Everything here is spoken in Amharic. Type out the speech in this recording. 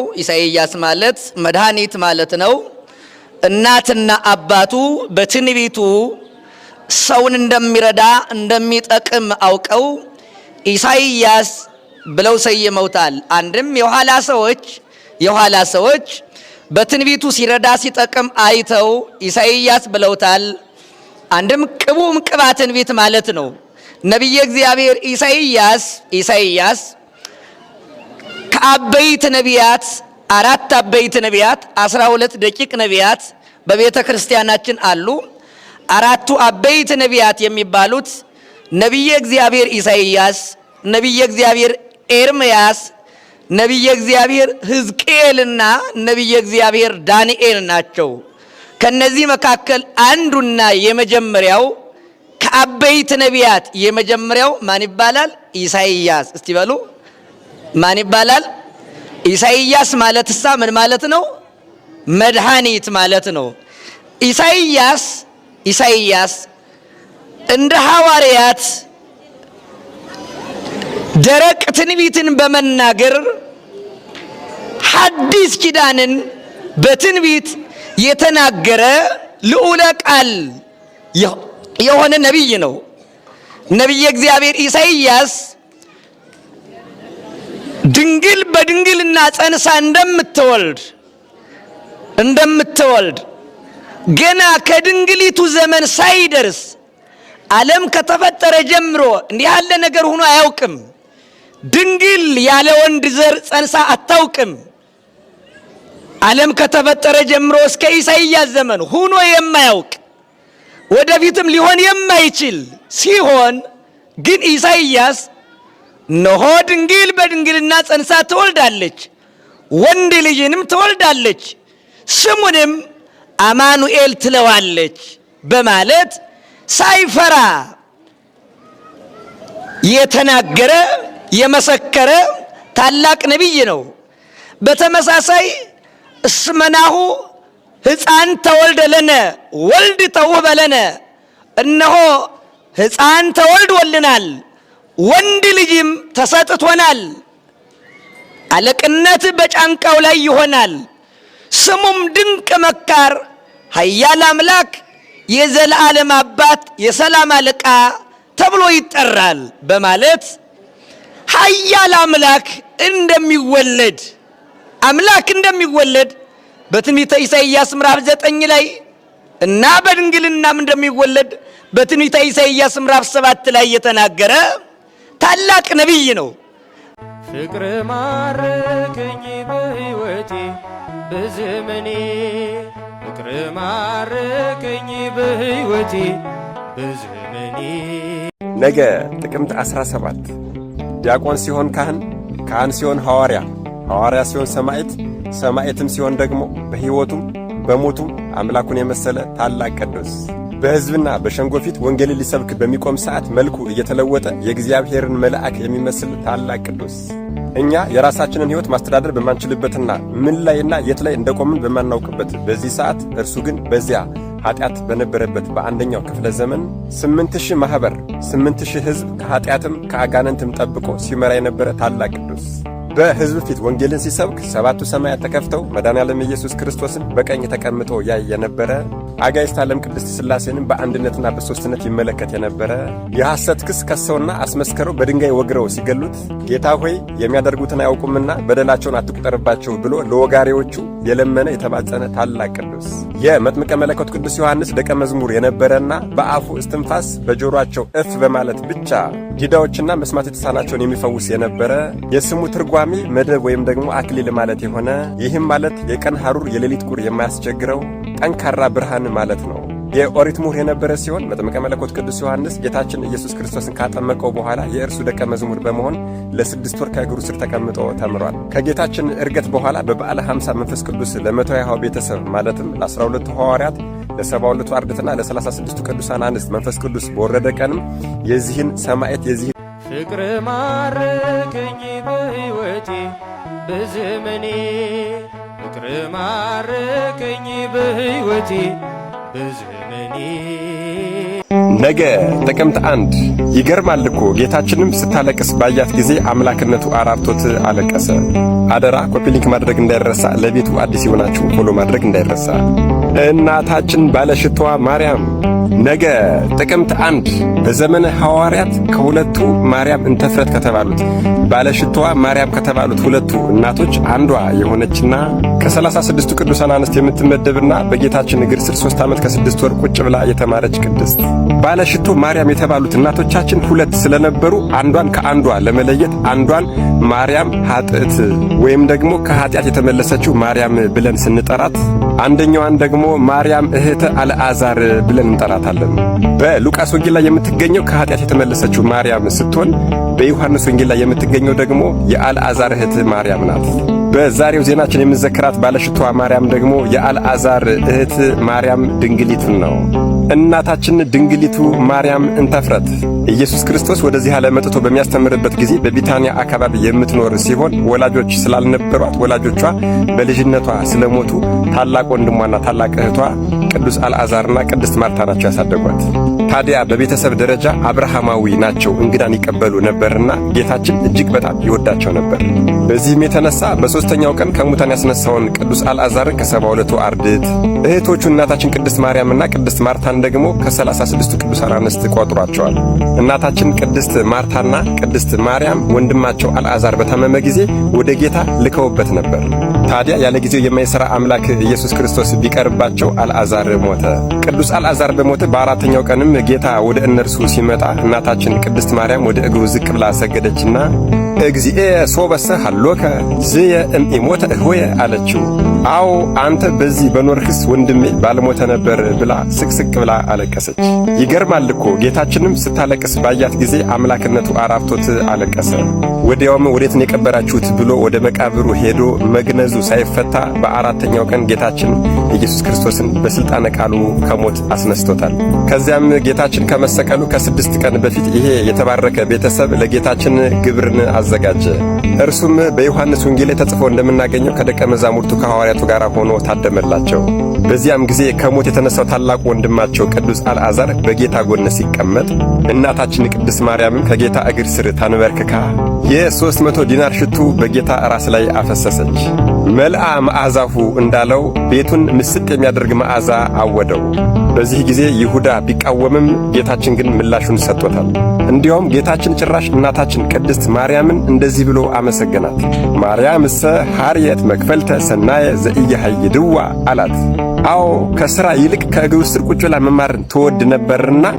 ነው። ኢሳይያስ ማለት መድኃኒት ማለት ነው። እናትና አባቱ በትንቢቱ ሰውን እንደሚረዳ እንደሚጠቅም አውቀው ኢሳይያስ ብለው ሰይመውታል። አንድም የኋላ ሰዎች የኋላ ሰዎች በትንቢቱ ሲረዳ ሲጠቅም አይተው ኢሳይያስ ብለውታል። አንድም ቅቡም ቅባ ትንቢት ማለት ነው። ነቢየ እግዚአብሔር ኢሳይያስ ኢሳይያስ ከአበይት ነቢያት አራት አበይት ነቢያት አስራ ሁለት ደቂቅ ነቢያት በቤተ ክርስቲያናችን አሉ። አራቱ አበይት ነቢያት የሚባሉት ነቢየ እግዚአብሔር ኢሳይያስ፣ ነቢየ እግዚአብሔር ኤርምያስ፣ ነቢየ እግዚአብሔር ሕዝቅኤልና ነቢየ እግዚአብሔር ዳንኤል ናቸው። ከነዚህ መካከል አንዱና የመጀመሪያው ከአበይት ነቢያት የመጀመሪያው ማን ይባላል? ኢሳይያስ። እስቲ በሉ ማን ይባላል? ኢሳይያስ ማለት ሳ ምን ማለት ነው? መድኃኒት ማለት ነው። ኢሳይያስ ኢሳይያስ እንደ ሐዋርያት ደረቅ ትንቢትን በመናገር ሐዲስ ኪዳንን በትንቢት የተናገረ ልዑለ ቃል የሆነ ነቢይ ነው። ነቢየ እግዚአብሔር ኢሳይያስ ድንግል በድንግልና ጸንሳ እንደምትወልድ እንደምትወልድ ገና ከድንግሊቱ ዘመን ሳይደርስ ዓለም ከተፈጠረ ጀምሮ እንዲህ ያለ ነገር ሆኖ አያውቅም። ድንግል ያለ ወንድ ዘር ጸንሳ አታውቅም። ዓለም ከተፈጠረ ጀምሮ እስከ ኢሳይያስ ዘመን ሆኖ የማያውቅ ወደፊትም ሊሆን የማይችል ሲሆን ግን ኢሳይያስ እነሆ ድንግል በድንግልና ጸንሳ ትወልዳለች፣ ወንድ ልጅንም ትወልዳለች፣ ስሙንም አማኑኤል ትለዋለች በማለት ሳይፈራ የተናገረ የመሰከረ ታላቅ ነቢይ ነው። በተመሳሳይ እስመናሁ ሕፃን ተወልደ ለነ ወልድ ተውህበ ለነ፣ እነሆ ሕፃን ተወልድ ወልናል ወንድ ልጅም ተሰጥቶናል። አለቅነት በጫንቃው ላይ ይሆናል። ስሙም ድንቅ መካር፣ ኃያል አምላክ፣ የዘላለም አባት፣ የሰላም አለቃ ተብሎ ይጠራል በማለት ኃያል አምላክ እንደሚወለድ አምላክ እንደሚወለድ በትንቢተ ኢሳይያስ ምዕራፍ ዘጠኝ ላይ እና በድንግልናም እንደሚወለድ በትንቢተ ኢሳይያስ ምዕራፍ ሰባት ላይ የተናገረ ታላቅ ነቢይ ነው። ፍቅር ማረከኝ በሕይወቴ በዘመኔ ፍቅር ማረከኝ በሕይወቴ በዘመኔ። ነገ ጥቅምት 17 ዲያቆን ሲሆን ካህን፣ ካህን ሲሆን ሐዋርያ፣ ሐዋርያ ሲሆን ሰማዕት፣ ሰማዕትም ሲሆን ደግሞ በሕይወቱም በሞቱም አምላኩን የመሰለ ታላቅ ቅዱስ በሕዝብና በሸንጎ ፊት ወንጌልን ሊሰብክ በሚቆም ሰዓት መልኩ እየተለወጠ የእግዚአብሔርን መልአክ የሚመስል ታላቅ ቅዱስ። እኛ የራሳችንን ሕይወት ማስተዳደር በማንችልበትና ምን ላይና የት ላይ እንደቆምን በማናውቅበት በዚህ ሰዓት እርሱ ግን በዚያ ኃጢአት በነበረበት በአንደኛው ክፍለ ዘመን ስምንት ሺህ ማኅበር ስምንት ሺህ ሕዝብ ከኀጢአትም ከአጋንንትም ጠብቆ ሲመራ የነበረ ታላቅ ቅዱስ በሕዝብ ፊት ወንጌልን ሲሰብክ ሰባቱ ሰማያት ተከፍተው መድኃኔ ዓለም ኢየሱስ ክርስቶስን በቀኝ ተቀምጦ ያይ የነበረ አጋዕዝተ ዓለም ቅድስት ሥላሴንም በአንድነትና በሦስትነት ይመለከት የነበረ የሐሰት ክስ ከሰውና አስመስከረው በድንጋይ ወግረው ሲገሉት ጌታ ሆይ የሚያደርጉትን አያውቁምና በደላቸውን አትቁጠርባቸው ብሎ ለወጋሪዎቹ የለመነ የተማጸነ ታላቅ ቅዱስ የመጥምቀ መለኮት ቅዱስ ዮሐንስ ደቀ መዝሙር የነበረና በአፉ እስትንፋስ በጆሮአቸው እፍ በማለት ብቻ ዲዳዎችና መስማት የተሳናቸውን የሚፈውስ የነበረ የስሙ ትርጓሜ መደብ ወይም ደግሞ አክሊል ማለት የሆነ ይህም ማለት የቀን ሐሩር የሌሊት ቁር የማያስቸግረው ጠንካራ ብርሃን ማለት ነው። የኦሪት ምሁር የነበረ ሲሆን መጥምቀ መለኮት ቅዱስ ዮሐንስ ጌታችን ኢየሱስ ክርስቶስን ካጠመቀው በኋላ የእርሱ ደቀ መዝሙር በመሆን ለስድስት ወር ከእግሩ ስር ተቀምጦ ተምሯል። ከጌታችን እርገት በኋላ በበዓለ ሐምሳ መንፈስ ቅዱስ ለመቶ ያህው ቤተሰብ ማለትም ለአስራ ሁለቱ ሐዋርያት ለሰባ ሁለቱ አርድእትና ለሰላሳ ስድስቱ ቅዱሳን አንስት መንፈስ ቅዱስ በወረደ ቀንም የዚህን ሰማዕት የዚህን ፍቅር ማረከኝ በሕይወቴ በዘመኔ ፍቅር በዘመኔ። ነገ ጥቅምት አንድ ይገርማል እኮ ጌታችንም ስታለቅስ ባያት ጊዜ አምላክነቱ አራርቶት አለቀሰ። አደራ ኮፒሊንክ ማድረግ እንዳይረሳ። ለቤቱ አዲስ የሆናችሁ ፎሎ ማድረግ እንዳይረሳ። እናታችን ባለሽቷ ማርያም ነገ ጥቅምት አንድ በዘመነ ሐዋርያት ከሁለቱ ማርያም እንተፍረት ከተባሉት ባለሽቷ ማርያም ከተባሉት ሁለቱ እናቶች አንዷ የሆነችና ከሰላሳ ስድስቱ ቅዱሳን አንስት የምትመደብና በጌታችን እግር ስር ሶስት ዓመት ከስድስት ወር ቁጭ ብላ የተማረች ቅድስት ባለሽቶ ማርያም የተባሉት እናቶቻችን ሁለት ስለነበሩ አንዷን ከአንዷ ለመለየት አንዷን ማርያም ኃጥእት ወይም ደግሞ ከኃጢአት የተመለሰችው ማርያም ብለን ስንጠራት አንደኛዋን ደግሞ ደግሞ ማርያም እህተ አልዓዛር ብለን እንጠራታለን። በሉቃስ ወንጌል ላይ የምትገኘው ከኃጢአት የተመለሰችው ማርያም ስትሆን በዮሐንስ ወንጌል ላይ የምትገኘው ደግሞ የአልዓዛር እህት ማርያም ናት። በዛሬው ዜናችን የምንዘክራት ባለሽቷ ማርያም ደግሞ የአልዓዛር እህት ማርያም ድንግሊቱን ነው። እናታችን ድንግሊቱ ማርያም እንተፍረት ኢየሱስ ክርስቶስ ወደዚህ ዓለም መጥቶ በሚያስተምርበት ጊዜ በቢታንያ አካባቢ የምትኖር ሲሆን ወላጆች ስላልነበሯት ወላጆቿ በልጅነቷ ስለሞቱ ታላቅ ወንድሟና ታላቅ እህቷ ቅዱስ አልዓዛርና ቅድስት ማርታ ናቸው ያሳደጓት። ታዲያ በቤተሰብ ደረጃ አብርሃማዊ ናቸው፣ እንግዳን ይቀበሉ ነበርና ጌታችን እጅግ በጣም ይወዳቸው ነበር። በዚህም የተነሳ በሦስተኛው ቀን ከሙታን ያስነሳውን ቅዱስ አልዓዛርን ከሰባ ሁለቱ አርድእት እህቶቹ እናታችን ቅድስት ማርያምና ቅድስት ማርታን ደግሞ ከሰላሳ ስድስቱ ቅዱሳን አንስት ቆጥሯቸዋል። እናታችን ቅድስት ማርታና ቅድስት ማርያም ወንድማቸው አልዓዛር በታመመ ጊዜ ወደ ጌታ ልከውበት ነበር። ታዲያ ያለ ጊዜው የማይሠራ አምላክ ኢየሱስ ክርስቶስ ቢቀርባቸው አልዓዛር ሞተ። ቅዱስ አልዓዛር በሞተ በአራተኛው ቀንም ጌታ ወደ እነርሱ ሲመጣ እናታችን ቅድስት ማርያም ወደ እግሩ ዝቅ ብላ ሰገደችና እግዚእ ሶበሰ ሀሎከ ዝየ እምኢሞተ እሆየ አለችው። አዎ አንተ በዚህ በኖርክስ ወንድሜ ባልሞተ ነበር ብላ ስቅስቅ ብላ አለቀሰች። ይገርማል እኮ ጌታችንም ስታለቅስ ባያት ጊዜ አምላክነቱ አራፍቶት አለቀሰ። ወዲያውም ወዴትን የቀበራችሁት ብሎ ወደ መቃብሩ ሄዶ መግነዙ ሳይፈታ በአራተኛው ቀን ጌታችን ኢየሱስ ክርስቶስን በሥልጣነ ቃሉ ከሞት አስነስቶታል። ከዚያም ጌታችን ከመሰቀሉ ከስድስት ቀን በፊት ይሄ የተባረከ ቤተሰብ ለጌታችን ግብርን አዘጋጀ። እርሱም በዮሐንስ ወንጌል ተጽፎ ተጽፎ እንደምናገኘው ከደቀ መዛሙርቱ ከሐዋርያቱ ጋር ሆኖ ታደመላቸው። በዚያም ጊዜ ከሞት የተነሳው ታላቁ ወንድማቸው ቅዱስ አልዓዛር በጌታ ጎን ሲቀመጥ፣ እናታችን ቅድስት ማርያምም ከጌታ እግር ስር ታንበርክካ የሦስት መቶ ዲናር ሽቱ በጌታ ራስ ላይ አፈሰሰች። መልአ መዓዛሁ እንዳለው ቤቱን ምስጥ የሚያደርግ መዓዛ አወደው። በዚህ ጊዜ ይሁዳ ቢቃወምም ጌታችን ግን ምላሹን ሰጥቶታል። እንዲያውም ጌታችን ጭራሽ እናታችን ቅድስት ማርያምን እንደዚህ ብሎ አመሰገናት። ማርያም እሰ ሐርየት መክፈልተ ሰናየ ድዋ አላት። አዎ ከሥራ ይልቅ ከእግሩ ስር ቁጭ ብላ መማርን ትወድ ነበርና